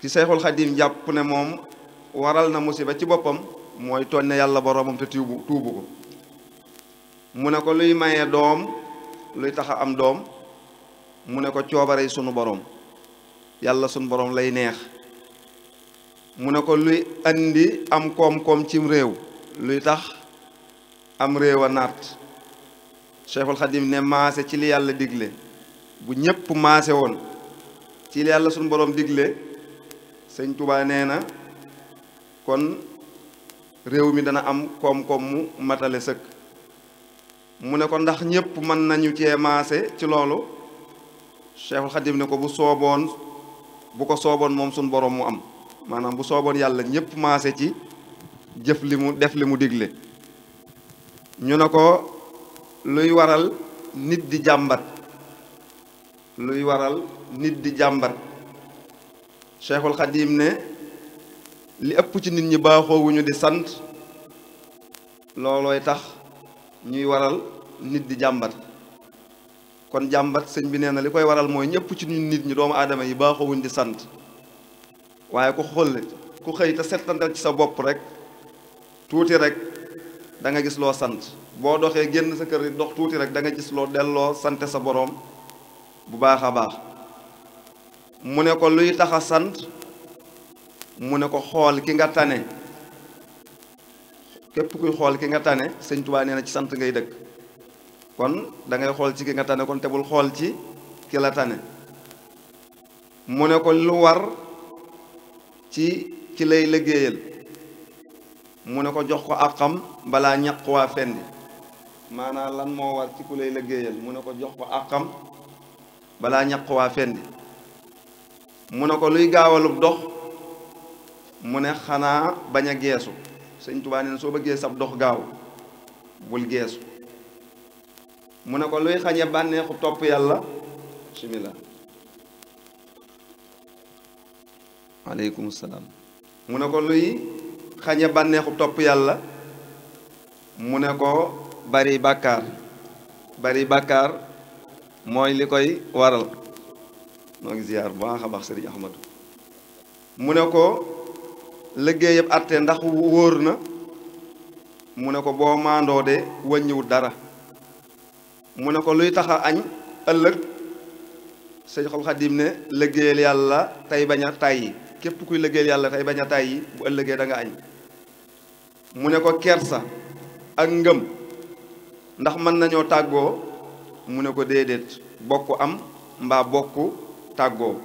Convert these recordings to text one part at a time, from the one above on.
ki Seexul Xadim jàpp ne moom waral na musiba ci boppam mooy tooñ na yàlla boroomam te tuubu tuubu ko mu ne ko luy maye doom luy tax a am doom mu ne ko coobarey sunu boroom yàlla sunu boroom lay neex mu ne ko luy andi am koom-koom cim réew luy tax am réew a naat Cheikhul Xadim ne maase ci li yàlla digle bu ñépp maase woon ci li yàlla sunu borom digle sëñ Touba nee na kon réew mi dana am koom-koom mu matale sëkk mu ne ko ndax ñépp mën nañu cee maase ci loolu Cheikhul Khadim ne ko bu sooboon bu ko sooboon moom suñ borom mu am maanaam bu sooboon yàlla ñépp maase ci jëf li mu def li mu digle ñu ne ko luy waral nit di jàmbat luy waral nit di jàmbat cheikhul xadim ne li ëpp ci nit ñi baaxoowuñu di sant loolooy tax ñuy waral nit di jàmbat kon jàmbat sëñ bi nee na li koy waral mooy ñëpp ci ñun nit ñi doomu aadama yi baaxoowuñ di sant waaye ku xool ku xëy te settantal ci sa bopp rek tuuti rek danga gis loo sant boo doxee génn sa kër dox tuuti rek da nga gis loo delloo sante sa boroom bu baax a baax mu ne ko luy tax a sant mu ne ko xool ki nga tane képp kuy xool ki nga tane sëñ Tuubaa nee na ci sant ngay dëkk kon dangay xool ci ki nga tane kon te xool ci ki la tane mu ne ko lu war ci ki lay liggéeyal mu ne ko jox ko àqam balaa ñaq waa fendi maanaam lan moo lay liggéeyal mu ne ko jox ko àqam balaa ñaq waa fendi mu ne ko luy gaawalub dox mu ne xanaa bañ a geesu sëñ Tuubaa soo bëggee sab dox gaaw bul geesu mu ne ko luy xañe bànneexu topp yàlla simila aleykum salaam mu ne ko luy xañe bànneexu topp yàlla mu ne ko bari bàkkaar bari bàkkaar mooy li koy waral noo ngi ziar bu baax a baax sëriñ mu ne ko liggéey yëpp atte ndax wóor na mu ne ko boo maandoo de wàññiwut dara mu ne ko luy taxa añ ëllëg sëñ xol xadim ne liggéeyal yàlla tey bañ a tàyyi képp kuy liggéeyal yàlla tey bañ a tàyyi bu ëllëgee danga nga añ mu ne ko kersa ak ngëm ndax mën nañoo tàggoo mu ne ko déedéet bokk am mbaa bokk tàggoo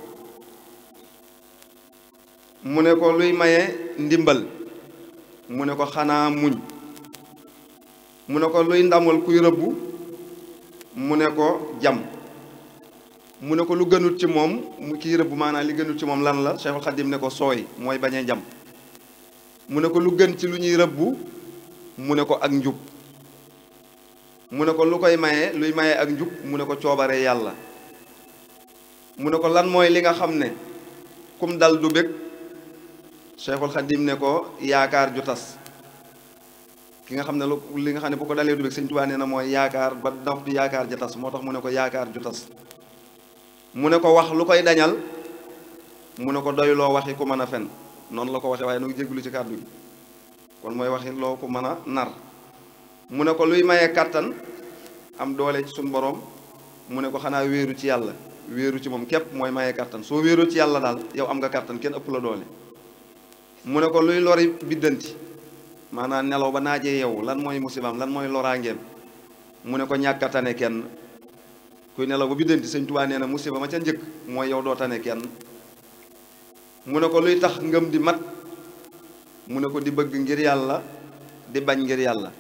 mu ne ko luy maye ndimbal mu ne ko xanaa muñ mu ne ko luy ndamal kuy rëbb mu ne ko jam mu ne ko lu gënut ci moom mu kii rëbb maanaam li gënut ci moom lan la Cheikhul Khadim ne ko sooy mooy bañee jam mu ne ko lu gën ci lu ñuy rëbbu mu ne ko ak njub mu ne ko lu koy maye luy maye ak njub mu ne ko coobaree yàlla mu ne ko lan mooy li nga xam ne kum dal du bég Cheikhul Khadim ne ko yaakaar ju tas ki nga xam ne lu li nga xam ne bu ko dalee du bég Sëñ Tuubaa nee na mooy yaakaar ba dox du yaakaar ju tas moo tax mu ne ko yaakaar ju tas ne ko wax lu koy dañal mu ne ko doy loo waxi ku mën a fen noonu la ko waxee waaye nu ngi jéggulu ci kàddu gi kon mooy waxi loo ko mën a nar mu ne ko luy maye kàttan am doole ci suñu boroom mu ne ko xanaa wéeru ci yàlla wéeru ci moom képp mooy maye kàttan soo wéeroo ci yàlla daal yow am nga kàttan kenn ëpp la doole mu ne ko luy lori biddanti maanaam nelaw ba naajee yow lan mooy musibaam lan mooy loraangeem mu ne ko ñàkkatane kenn kuy nelaw ba biddanti sëñ Tuubaa nee na musiba ma ca njëkk mooy yow doo tane kenn mu ne ko luy tax ngëm di mat mu ne ko di bëgg ngir yàlla di bañ ngir yàlla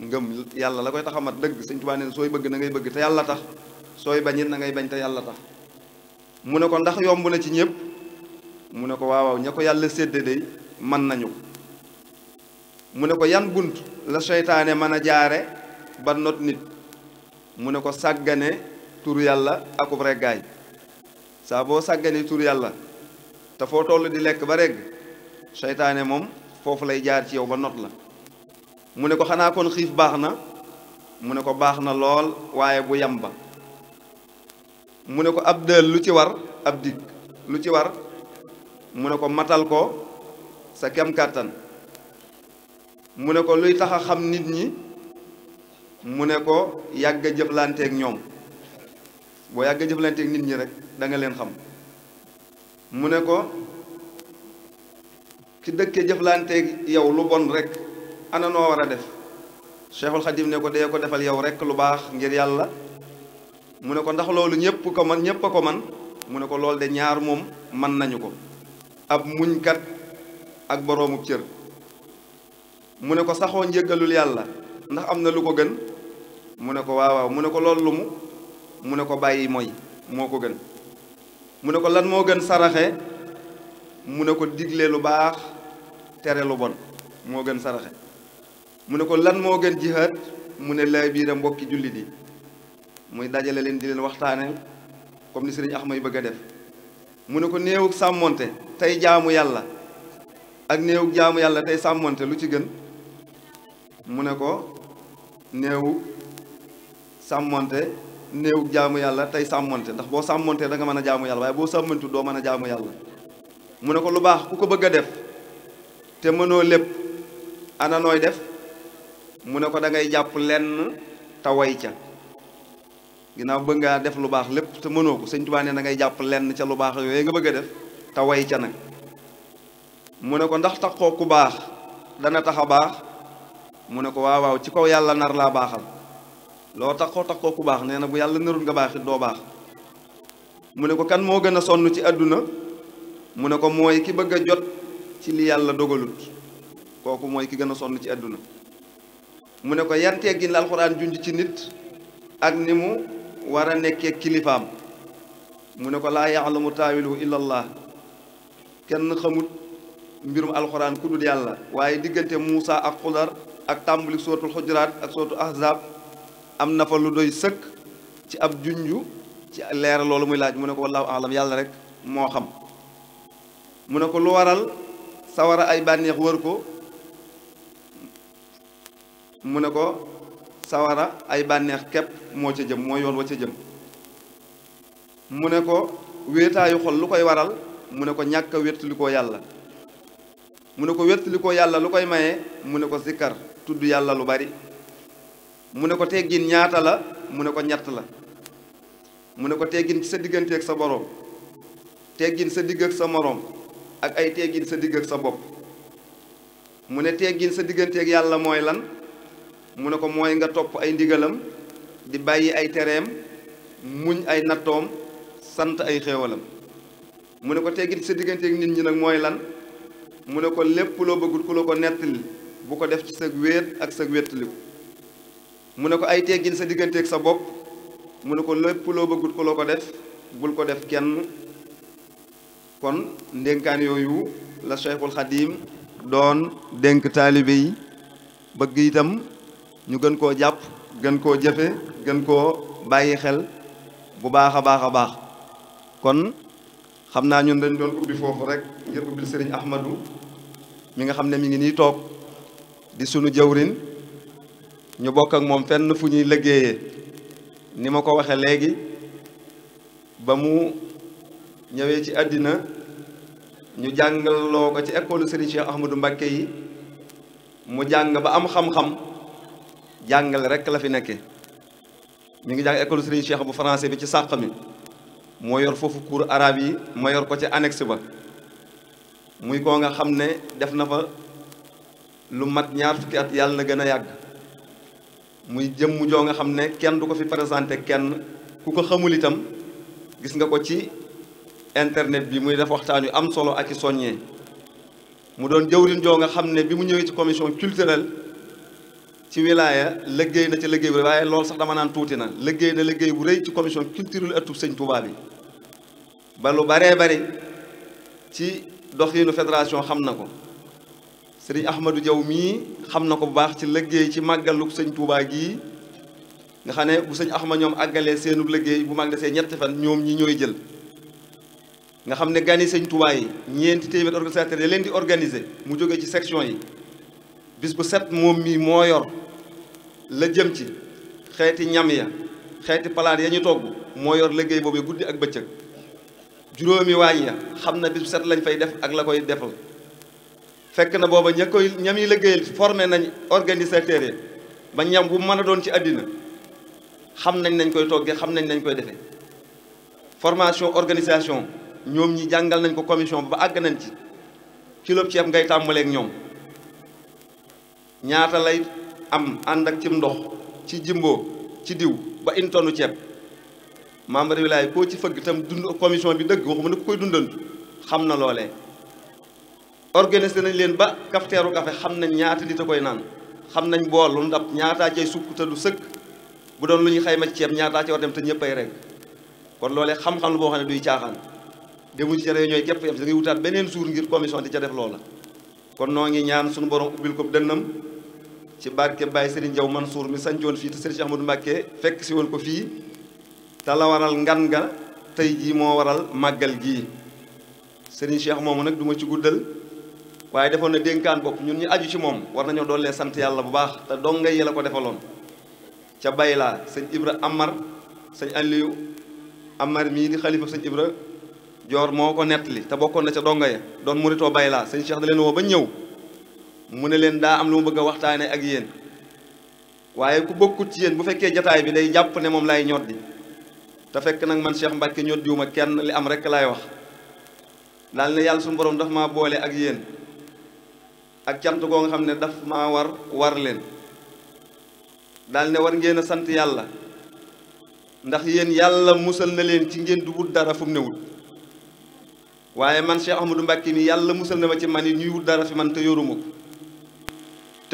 ngëm yàlla la koy tax mat dëgg sëñ Tuubaa nee na sooy bëgg na ngay bëgg te yàlla tax sooy bañit na ngay bañ te yàlla tax mu ne ko ndax yomb na ci ñëpp mu ne ko waaw waaw ko yàlla sédde day man nañu mu ne ko yan bunt la seytaane mën a jaare ba not nit mu ne ko sàggane tur yàlla akub reggaay saa boo sàggane tur yàlla te foo di lekk ba regg seytaane moom foofu lay jaar ci yow ba not la mu ne ko xanaa kon xiif baax na mu ne ko baax na lool waaye bu yamba mu ne ko ab dël lu ci war ab digg lu ci war mu ne ko matal ko sa kem kàttan mu ne ko luy taxa xam nit ñi mu ne ko yàgg a jëflanteeg ñoom boo yàgg a jëflanteeg nit ñi rek danga leen xam mu ne ko ki dëkkee jëflanteeg yow lu bon rek ana noo war a def Cheikhul Khadim ne ko dee ko defal yow rekk lu baax ngir yàlla mu ne ko ndax loolu ñëpp ko man ñëpp a ko man mu ne ko loolu de ñaar moom man nañu ko ab muñkat ak boroomu cër mu ne ko saxoo njëggalul yàlla ndax am na lu ko gën mu ne ko waawaaw mu ne ko loolu lu mu mu ne ko bàyyi mooy moo ko gën mu ne ko lan moo gën saraxe mu ne ko digle lu baax tere lu bon moo gën saraxe mu ne ko lan moo gën jihaat mu ne lay biira mbokki jullit yi muy dajale leen di leen waxtaane comme ni sëriñ Axmay bëgg a def mu ne ko néewug sàmmoonte tey jaamu yàlla ak néewug jaamu yàlla tey sàmmoonte lu ci gën mu ne ko néewug sàmmonte néewug jaamu yàlla tey sàmmonte ndax boo sàmmonte da nga mën a jaamu yàlla waaye boo sàmmantu doo mën a jaamu yàlla mu ne ko lu baax ku ko bëgg a def te mënoo lépp ana nooy def mu ne ko da ngay jàpp lenn te ginaaw bëgg nga def lu baax lépp te mënoo ko sëñ Tuubaa nee na ngay jàpp lenn ca lu baax yooyu nga bëgg a def te way ca nag mu ne ko ndax taxoo ku baax dana tax a baax mu ne ko waaw waaw ci kaw yàlla nar laa baaxal loo taxoo taxoo ku baax nee bu yàlla narul nga baax baax mu ko kan moo gën a sonn ci àdduna mu ne ko mooy ki bëgg a jot ci li yàlla dogalut kooku mooy ki gën a sonn ci àdduna mu ne ko yan teggin la junj ci nit ak ni war a nekkee kilifaam mu ne ko laa yaalamu taawiluhu illa allah kenn xamut mbirum alxuraan ku dul yàlla waaye diggante Muusa ak Xudar ak tàmbuli tàmbali sootul xujuraat ak sootul ahzab am na fa lu doy sëkk ci ab junju ci leer loolu muy laaj mu ne ko wallaahu alam yàlla rek moo xam mu ne ko lu waral sawara ay bànneex wër ko mu ne ko sawara ay bànneex képp moo ca jëm moo yoon wa ca jëm mu ne ko wéetaayu xol lu koy waral mu ne ko ñàkk a wéttalikoo yàlla mu ne ko wéttalikoo yàlla lu koy maye mu ne ko sikkar tudd yàlla lu bari mu ne ko teggin ñaata la mu ne ko ñett la mu ne ko teggin ci sa diggante sa boroom teggin sa digg sa moroom ak ay teggin sa digg sa bopp mu ne teggin sa diggante yàlla mooy lan mu ne ko mooy nga topp ay ndigalam di bàyyi ay tereem muñ ay nattoom sant ay xéewalam mu ne ko teggit sa digganteeg nit ñi nag mooy lan mu ne ko lépp loo bëggul ku la ko nettali bu ko def ci sa wéet ak sa wéttaliku mu ne ko ay teggin sa digganteeg sa bopp mu ne ko lépp loo bëggul ku la ko def bul ko def kenn kon ndénkaan yooyu la Cheikhul Xadim doon dénk taalibe yi bëgg itam ñu gën koo jàpp gën koo jëfe gën koo bàyyi xel bu baax a baax a baax kon xam naa ñun dañ doon ubbi foofu rek ngir ubbil sëriñ Ahmadou mi nga xam ne mi ngi nii toog di sunu jëwrin ñu bokk ak moom fenn fu ñuy liggéeyee ni ma ko waxee léegi ba mu ñëwee ci àddina ñu jàngaloo ko ci école sëriñ Cheikh Ahmadou Mbacké yi mu jàng ba am xam-xam jàngale rek la fi nekke mu ngi jàng école Serigne Cheikh bu français bi ci sàq mi moo yor foofu cours araab yi moo yor ko ci annexe ba muy koo nga xam ne def na fa lu mat ñaar fukki at yàlla na gën a yàgg muy jëmm joo nga xam ne kenn du ko fi présenté kenn ku ko xamul itam gis nga ko ci internet bi muy def waxtaan yu am solo ak i soññee mu doon jëwriñ joo nga xam ne bi mu ñëwee ci commission culturelle ci wilaaya liggéey na ci liggéey bu rëy waaye loolu sax dama naan tuuti na liggéey na liggéey bu rëy ci commission culturelle ëttub sëñ Touba bi ba lu baree bari ci doxiinu fédération xam na ko sëriñ Ahmadou jaw mii xam na ko bu baax ci liggéey ci màggalu sëñ Touba gii nga xam ne bu sëñ Ahmad ñoom àggalee seenu liggéey bu mag desee ñett fan ñoom ñi ñooy jël nga xam ne gani sëñ Touba yi ñeenti téeméer organisateurs yi leen di organiser mu jóge ci section yi bis bu set moom mii moo yor. la jëm ci xeeti ñam ya xeeti palaat ya ñu togg moo yor liggéey boobu guddi ak bëccëg juróomi waañ ya xam na bis set lañ fay def ak la koy defal fekk na booba ña koy ñam yi liggéeyal formé nañ organisateur yi ba ñam bu mën a doon ci àddina xam nañ nañ koy toggee xam nañ nañ koy defee formation organisation ñoom ñi jàngal nañ ko commission ba àgg nañ ci kilo ceeb ngay tàmbaleek ñoom ñaata lay am ànd ak ci ndox ci jimbo ci diw ba une tonne ceeb membre wilaay koo ci fëgg tam dund commission bi dëgg waxuma ne ku koy dundantu xam na loole organisé nañ leen ba cafetière café xam nañ ñaata nit a koy naan xam nañ bool lu ndab ñaata cay sukk te du sëkk bu doon lu ñuy xayma ceeb ñaataa ci war dem te ñëpp ay rek kon loole xam-xam la boo xam ne duy caaxaan demu ci réunion yi képp yam si da wutaat beneen jour ngir commission di ca def loola kon noo ci barke Baye Serigne Jaw man Mansour mi sancoon fii te Serigne Cheikh Ahmadou Mbacké fekk si woon ko fii te la waral ngan nga tey jii moo waral màggal gii seeni Cheikh moomu nag duma ci guddal waaye defoon na dénkaan bopp ñun ñu aju ci moom war nañoo dooleel sant yàlla bu baax te donga yi la ko defaloon ca baylaa laa sëñ Ibra Amar sëñ Aliou Amar mii di xalifa sëñ Ibra Joor moo ko nett li te bokkoon na ca donga ya doon muritoo baylaa laa sëñ Cheikh da woo ba ñëw Munelenda len da am lu mu bëgg a ak yeen waaye ku bokku ci yeen bu fekkee jotaay bi day japp ne mom lay ñoddi ta fekk nak man Cheikh Mbacke ñoddiuma kenn li am rek lay wax dal na yalla sun borom daf ma boole ak yeen ak cant go nga xam daf ma war war len dal ne war ngeena sant ndax yeen yalla musal na len ci ngeen dugut dara fu neewul waye waaye man Cheikh Ahmadou Mbacke mi yalla musal na ma ci man ñuy wut dara fi man te yoruma ko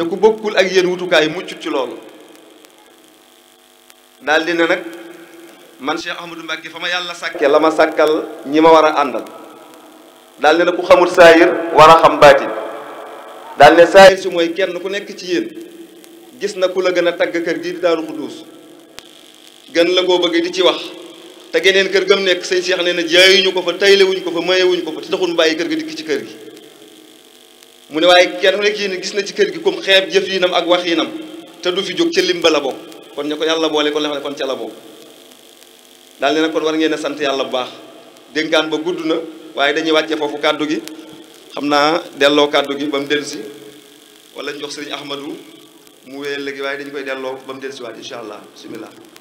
te ku bokkul ak yéen wutukaay muccut ci loolu daal di ne nag man Cheikh Ahmadou Mbacke fa ma yàlla sàkke la ma sàkkal ñi ma war a àndal daal ne na ku xamul saayir war a xam baatin daal ne saayir si mooy kenn ku nekk ci yéen gis na ku la gën a tagg kër gi di Daaru Xuduus gën la koo bëgg di ci wax te geneen kër gam nekk sëñ Cheikh nee na jaayuñu ko fa taylewuñu ko fa mayewuñu ko fa te taxun bàyyi kër gi dikk ci kër gi mu ne waaye kenn ku ne kii gis na ci kër gi comme xeeb jëf yinam ak wax yinam te du fi jóg ca limba la bokk kon ñu ko yàlla boole kon lefa kon ca la bokk daal ne nag kon war ngeen sant yàlla bu baax dénkaan ba gudd na waaye dañuy wàcce foofu kàddu gi xam naa delloo kàddu gi ba mu dellu si wala ñu jox sëriñ Ahmadou mu wéyal léegi waaye dañu koy delloo ba mu dellu si waat incha allah bisimilah